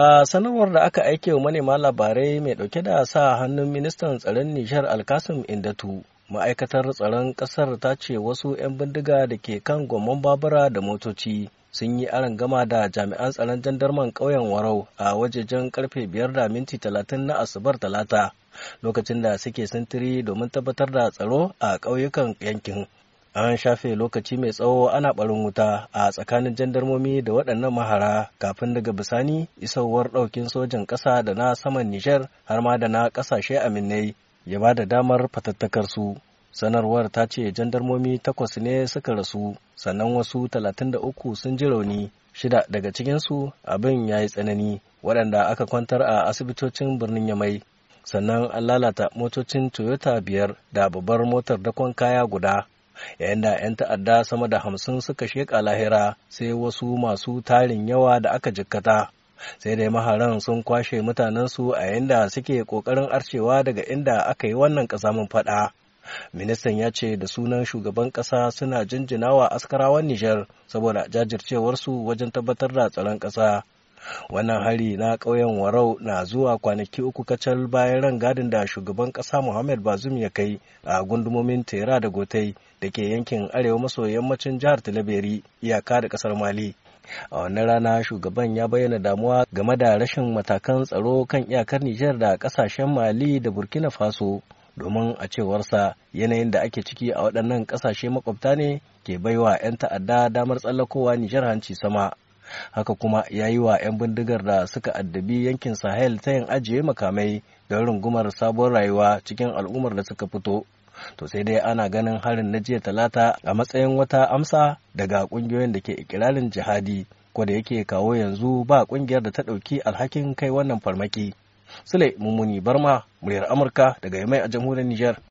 A sanarwar da aka aike wa manema labarai mai dauke da sa hannun ministan tsaron Nishar Alkasim Indatu, ma'aikatar tsaron kasar ta ce wasu 'yan bindiga da ke kan gomman babura da motoci sun yi aron gama da jami'an tsaron jandarman ƙauyen Warau a wajejen karfe biyar da minti talatin na Asabar Talata lokacin da suke sintiri domin tabbatar da tsaro a ƙauyukan yankin. an shafe lokaci mai tsawo ana barin wuta a tsakanin jandarmomi da waɗannan mahara kafin daga bisani isowar ɗaukin sojan ƙasa da na saman nijar har ma da na ƙasashe aminai ya ba da damar fatattakar su sanarwar ta ce jandarmomi takwas ne suka rasu sannan wasu talatin da uku sun ji rauni shida daga cikinsu abin ya yi tsanani waɗanda aka kwantar a asibitocin birnin yamai sannan an lalata motocin toyota biyar da babbar motar dakon kaya guda yayin da 'yan ta'adda sama da hamsin suka sheƙa lahira sai wasu masu tarin yawa da aka jikkata sai dai maharan sun kwashe mutanensu a yayin da suke ƙoƙarin arcewa daga inda aka yi wannan ƙasamin faɗa ministan ya ce da sunan shugaban ƙasa suna jinjinawa askarawan nijar saboda jajircewarsu wajen tabbatar da tsaron ƙasa wannan hari na ƙauyen warau na zuwa kwanaki uku kacal bayan ran gadin da shugaban ƙasa muhammad bazum ya kai a gundumomin tera da gotai da ke yankin arewa maso yammacin jihar talaberi iyaka da ƙasar mali a wannan rana shugaban ya bayyana damuwa game da rashin matakan tsaro kan iyakar nijar da ƙasashen mali da burkina faso domin a cewarsa yanayin da ake ciki a waɗannan ƙasashe makwabta ne ke baiwa 'yan ta'adda damar tsallakowa nijar hanci sama haka kuma ya yi wa 'yan bindigar da suka addabi yankin sahel ta yin ajiye makamai don rungumar sabon rayuwa cikin al'ummar da suka fito to sai dai ana ganin harin na jiya talata a matsayin wata amsa daga kungiyoyin da ke ikirarin jihadi ko da yake kawo yanzu ba kungiyar da ta ɗauki alhakin kai wannan farmaki sule mummuni barma muryar amurka daga yamai a jamhuriyar Nijar.